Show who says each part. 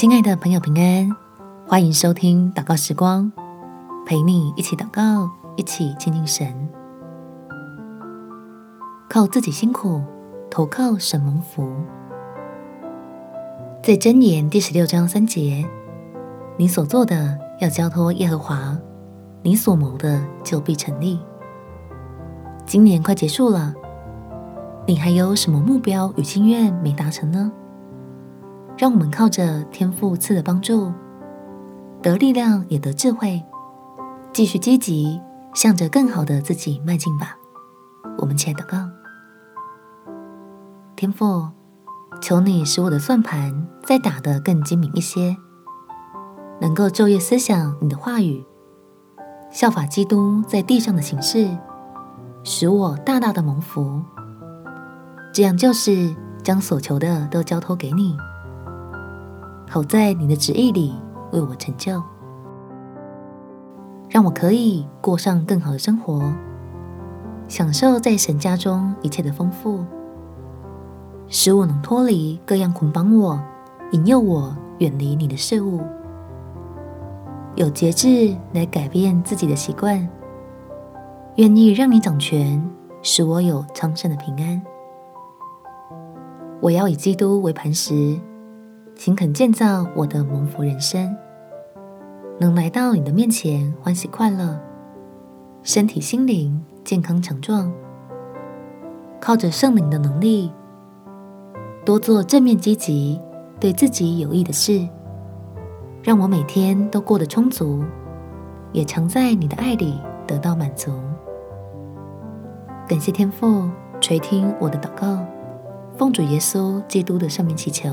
Speaker 1: 親愛的朋友，平安，歡迎收聽禱告時光，陪你一起禱告，一起親近神。靠自己辛苦，投靠神蒙福。在箴言第十六章三節，你所做的要交託耶和華，你所謀的就必成立。今年快結束了，你還有什麼目標與心願沒達成呢？讓我們靠着天父賜的幫助，得力量也得智慧，繼續積極向着更好的自己邁進吧。我們起來禱告：天父，求你使我的算盤再打得更精明一些，能夠晝夜思想你的話語，效法基督在地上的行事，使我大大的蒙福。這樣就是將所求的都交託給你。好在你的旨意裡為我成就，讓我可以過上更好的生活，享受在神家中一切的豐富，使我能脫離各樣綑綁我、引誘我遠離你的事物，有節制來改變自己的習慣，願意讓你掌權，使我有昌盛的平安。我要以基督為磐石。勤懇建造我的蒙福人生，能來到你的面前，歡喜快樂，身體心靈健康強壯。靠着聖靈的能力，多做正面積極、對自己有益的事，讓我每天都過得充足，也常在你的愛裡得到滿足。感謝天父垂聽我的禱告，奉主耶穌基督的聖名祈求。